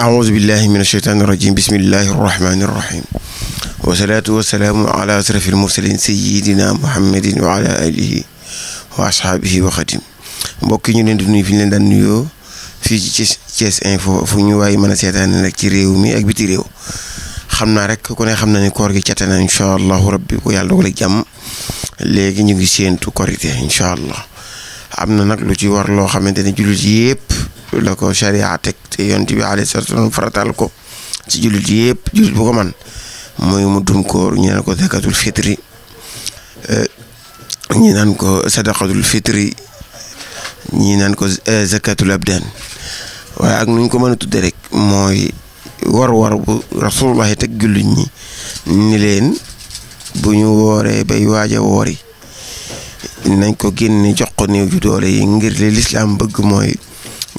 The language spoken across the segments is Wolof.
أعوذ بالله من الشيطان الرجيم بسم الله الرحمن الرحيم والصلاة والسلام على أشرف المرسلين سيدنا محمد وعلى آله وأصحابه وخدم مبكي نيو ندوني في لندن نيو في تشيس تشيس انفو فو نيو واي مانا سيتان نك تي ريو مي اك بيتي ريو خمنا رك كون خمنا ني كورغي تياتنا ان شاء الله ربي كو يال دوغلا جام لغي نيغي سينتو كوريتي ان شاء الله امنا نك لو تي وار لو خامتاني جولوت ييب la ko charia teg te yonent bi alayhi salaatu salaam faratal ko ci jullit yépp jullit bu ko man mooy mu koor ñu naan ko zakatul fitri eh, ñi naan ko sadaqatul fitri eh, waaye ak nuñ ko mën a tudde rek mooy war-war bu rasulullahi teg jullit ñi ni leen bu ñu wooree bay waaj a woori nañ ko génne jox ko néew ju doole yi ngir li lislaam bëgg mooy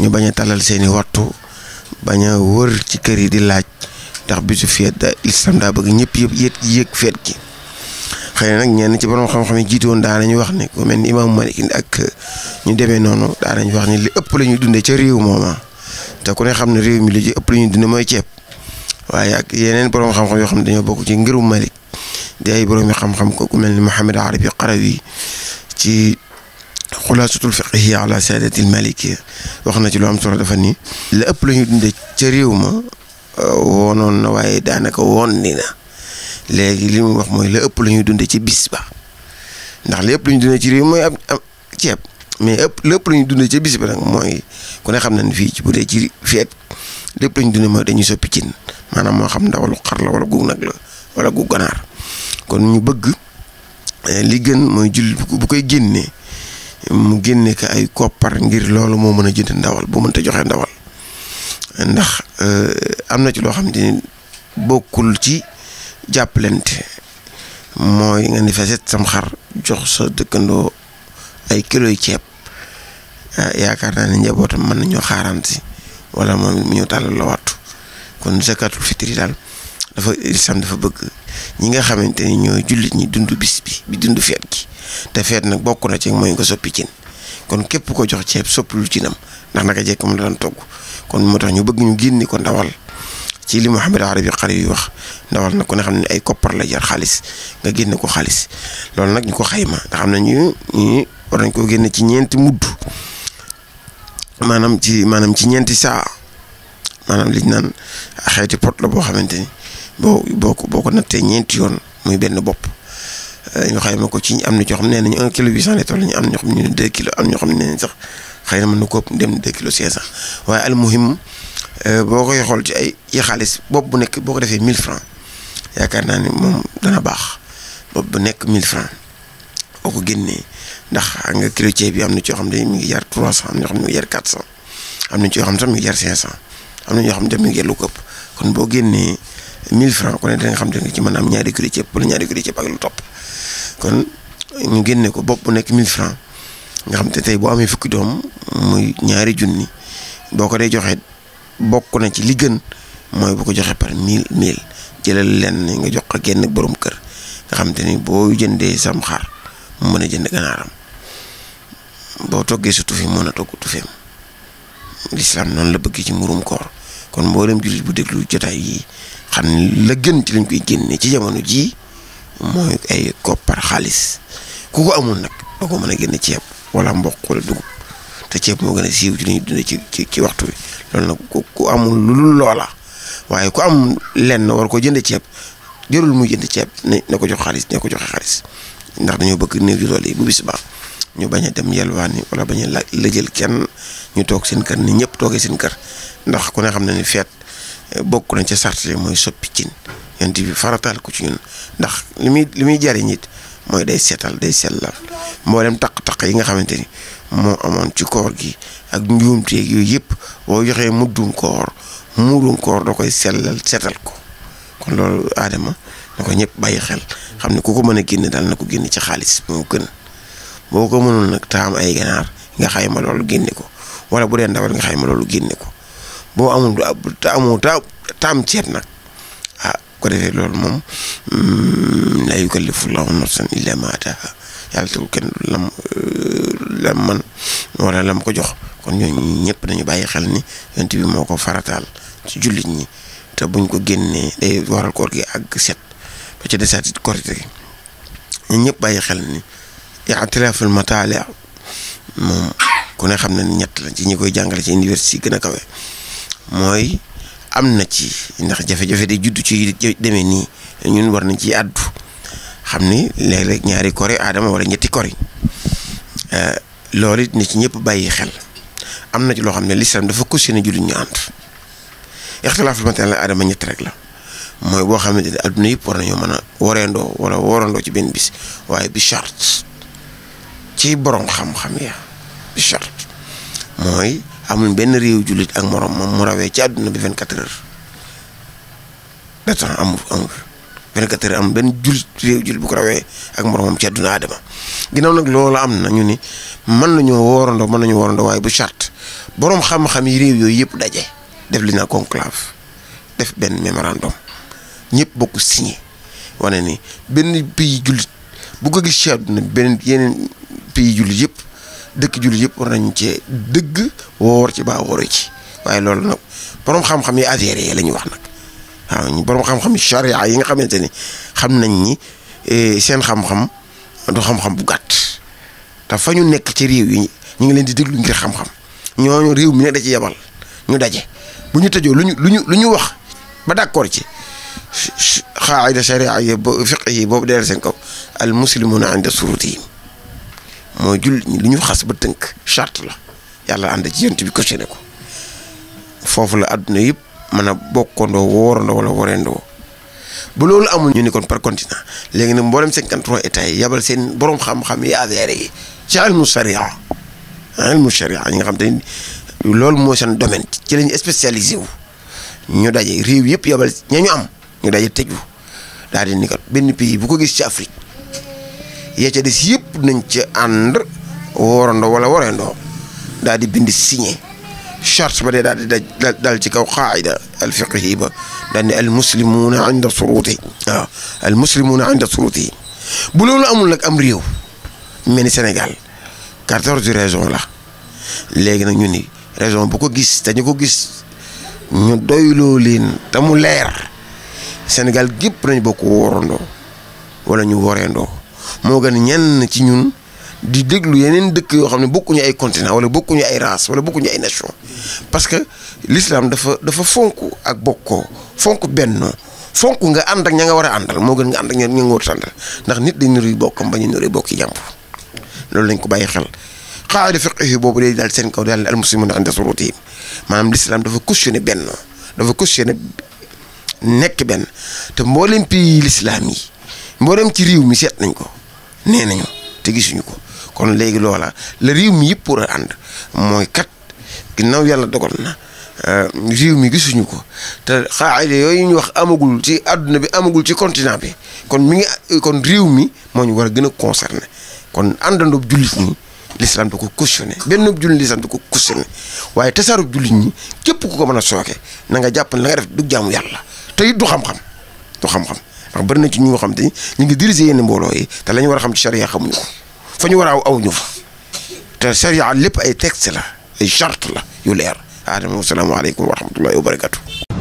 ñu bañ a talal seeni wattu bañ a wër ci kër yi di laaj ndax bisu feet da islam daa bëgg ñëpp yëpp yëg yëg feet gi xëy na nag ñenn ci borom xam-xam yi jiite woon daan nañu wax ne mel ni imaamu Malik ak ñu demee noonu daan nañu wax ne li ëpp la ñuy dundee ca réew mooma te ku ne xam ne réew mi li ci ëpp la ñuy dundee mooy ceeb waaye ak yeneen borom xam-xam yoo xam ne dañoo bokk ci ngirum Malik di ay borom xam-xam ko ku mel ni Mouhamed Arabi Qarawi ci. xulaasatul fiqhi ala saadatil malikiya wax na ci lu am solo dafa nii la ëpp la ñu dundee ca réew ma euh, woonoon na waaye daanaka woon ni na léegi li mu wax mooy la ëpp la ñuy dundee ci bis ba ndax la ëpp la ñuy dundee ci réew mooy ab ceeb mais ëpp la ëpp ñuy dundee ca bis ba nag mooy ku ne xam ni fii ci bu dee ci feet lépp la ñuy dundee mooy dañuy soppi cin maanaam moo xam ndaw lu xar la wala gu nag la wala gu ganaar kon ñu bëgg euh, li gën mooy jullit bu koy génnee. mu génne ko ay koppar ngir loolu moo mën a jënd ndawal boo bu mënta joxe ndawal ndax euh, am na ci loo xam ne bokkul ci jàppalante mooy nga ni fa set sam xar jox sa dëkkandoo ay kiloy ceeb ah, yaakaar naa ne njabootam mën nañoo si wala moom mu ñëw tàllal la wattu kon zakatul fitri daal dafa islam dafa bëgg ñi nga xamante ni ñoo jullit ñi dund bis bi bi dund feet gi te feet nag bokk na ci mooy nga soppi cin kon képp ko jox ceeb soppilu cinam ndax naka jekk mu daan togg kon moo tax ñu bëgg ñu génne ko ndawal ci li Mouhamed Arabi xale yu wax ndawal nag ku ne xam ne ay koppar la jar xaalis nga génne ko xaalis loolu nag ñu ko xayma nga xam ne ñu ñu war nañ koo génne ci ñeenti mudd maanaam ci maanaam ci ñeenti saa maanaam liñ naan xeeti pot la boo xamante ni boo boo ko boo ko nattee ñeenti yoon muy benn bopp. Euh, ñu xayma ko ci ñu am na ñoo xam ne nañu un kilo huit cent lay toll ñu am ñoo xam ne deux kilo am ñoo xam ne nañ sax xëy na mën na ko dem deux kilo cinq cent waaye almuhim euh, boo koy xool ci ay yi xaalis bopp bu nekk boo ko defee mille francs yaakaar naa ni moom dana baax bopp bu nekk mille francs boo ko génnee ndax xam nga kilo ceeb bi am na ci yoo xam ne mi ngi jar trois cent am na ñoo xam ne mi ngi jar quatre cent am na ci yoo xam ne sax mi ngi jar cinq cent am na ñoo xam ne mi ngi jar lu ko ëpp kon boo génnee. 1000 francs ku ne danga xam ne ci mën am ñaari kilo ceeb wala ñaari kilo ceeb ak lu topp kon ñu génne ko bopp bu nekk 1000 francs nga xam te tey boo amee fukki doom muy ñaari junni boo ko dee joxee bokk na ci li gën mooy bu ko joxee par 1000 1000 jëlal lenn nga jox ko génn boroom kër nga xam te ni boo jëndee sam xar mu mën a jënd ganaaram boo toggee sa tufi mën a togg tufeem lislaam noonu la bëgg ci murum koor kon mboolem jullit bu déglu jotaay yii xam la gën ci lañ koy génne ci jamono jii mooy ay koppar xaalis ku ko amul nag doo ko mën a génne ceeb wala mboq wala dugub te ceeb moo gën a siiw ci li dund ci ci ci waxtu wi loolu nag ku ku amul lu lu loola waaye ku am lenn war ko jënd ceeb jërul muy jënd ceeb ne na ko jox xaalis ne ko joxe xaalis ndax dañoo bëgg néew yu loolu yi bu bis baax ñu bañ a dem yelwaani wala bañ a la lëjël kenn ñu toog seen kër ni ñëpp toogee seen kër ndax ku ne xam na ni feet bokk nañ ca sart mooy soppi cin yonent bi farataal ko ci ñun ndax li muy li muy jariñ it mooy day seetal day sellal mboolem taq-taq yi nga xamante ni moo amoon ci koor gi ak njuumteeg yooyu yépp boo joxee muddum koor muurum koor da koy sellal seetal ko kon loolu aadama da ko ñëpp bàyyi xel xam ne ku ko mën a génne daal na ko génne ci xaalis moo gën boo ko mënul nag taam ay ganaar nga xayma loolu génne ko wala bu dee ndawal nga xayma loolu génne ko boo amul te amoo ta taam nag ah ko defee loolu moom mm, laa yukallifu llaahu nafsan illaa maa ataahaa yàlla tegul kenn lam euh, lam man wala lam ko jox kon ñooñu ñëpp dañu bàyyi xel ni yonent moo ko farataal ci jullit ñi te buñ ko génnee day waral ak set ba ca desaat bàyyi xel ni i'tilaaful mataali' moom ku ne xam na ñett la ci ñi koy jàngale ci université gën a kawe. mooy am na ci ndax jafe-jafe day judd ci demee nii ñun war nañ ci àddu xam ni léeg rek ñaari kori aadama wala ñetti kori eh, loolu it na ci ñëpp bàyyi xel am na ci loo xam ne lislam dafa cautionné jullit ñu ànd ixtilaaful matériel aadama ñett rek la mooy boo xamante ne adduna yëpp war nañoo mën a wareendoo wala warandoo ci benn bis waaye bi charte ci borom xam-xam ya bi mooy amul benn réew jullit ak morom moom mu rawee ci àdduna bi 24 heures am temps benn jullit réew jullit bu ko rawee ak morom moromam ci àdduna aadama ginnaaw nag loolu am na ñu ni mën nañoo woorandoo mën nañu woorandoo waaye bu charte borom xam-xam yi réew yooyu yëpp daje def li naa conclave def benn mémorandum ñëpp bokk signé wane ni benn pays jullit bu ko gis ci àdduna benn yeneen pays jullit yëpp. dëkk jullit yëpp war nañ cee dëgg woor ci baa wooru ci waaye loolu nag borom xam-xam yi affaire yi la wax nag waaw ñu borom xam-xam yi yi nga xamante ni xam nañ ni e, seen xam-xam du xam-xam bu gàtt dafa ñu nekk ci réew yi ñu ngi leen di déglu ngir xam-xam ñooñu réew mi nag da ci yebal ñu daje bu ñu tëjoo lu ñu lu ñu lu ñu wax ba d'accord ci xaayida charia yi ba fiq yi boobu delloo seen kaw al muslimuna inda surutihim moo jullit lu ñu xas ba tënk charte la yàlla ànd ci yent bi ko ne ko foofu la àdduna yëpp mën a bokkandoo woorandoo wala woreendoo bu loolu amul ñu ni kon par continent léegi nag mboolem 53 états yi yabal seen boroom xam-xam yi avéré yi ci ilmu sharia ilmu sharia ñi nga xam te loolu moo seen domaine ci la ñu spécialisé wu ñu daje réew yëpp yabal ña am ñu daje tëju daal di ni kat benn pays bu ko gis ci Afrique. ya yëpp nañ ca ànd worandoo wala warandoo daal di bind signé charte ba dee daal di daj dal ci kaw qaida al fiqhi ba daal ne al muslimuuna inda suruuti waaw al muslimuuna inda suruuti bu loolu amul nag am réew mel ni Sénégal quatorze régions la léegi nag ñu ni région bu ko gis te ñu ko gis ñu doyloo leen te mu leer Sénégal gépp nañ bokk worandoo wala ñu woreendoo moo gën ñenn ci ñun di déglu yeneen dëkk yoo xam ne bokkuñu ay continent wala bokkuñu ay race wala bokkuñu ay nation parce que l'islam dafa dafa fonk ak bokkoo fonk bennoo fonk nga ànd ak ña nga war a àndal moo gën nga ànd ak ña nga war a àndal ndax nit dañ niruy bokkam ba ñu niruy bokk bokki jàmb loolu lañ ko bàyyi xel xaada fiqhi boobu day daal seen kaw daal al muslimuna inda surutihim maanaam l'islam dafa cautionné bennoo dafa cautionné nekk benn te mboolem pays l'islam mboolem ci réew mi seet nañ ko nee nañu te gisuñu ko kon léegi loola la réew mi yëpp war a ànd mooy kat ginnaaw yàlla dogal na euh, réew mi gisuñu ko te xaaxide yooyu ñu wax amagul ci àdduna bi amagul ci continent bi kon mi ngi kon réew mi moo ñu war a gën a concerné kon àndandoob jullit ñi lislaam da ko cautionné benn jullit lislaam da ko cautionné waaye tasaarub jullit ñi képp ku ko mën a sooke na nga jàpp na def du jaamu yàlla te it du xam-xam du xam-xam ndax bëri na ci ñoo xam te ñu ngi diriger yenn mbooloo yi te la ñu war a xam ci charia xamuñu ko fa ñu war a aw aw ñu fa te charia lépp ay texte la ay charte la yu leer aadama wasalaamaaleykum wa rahmatullahi wa barakatu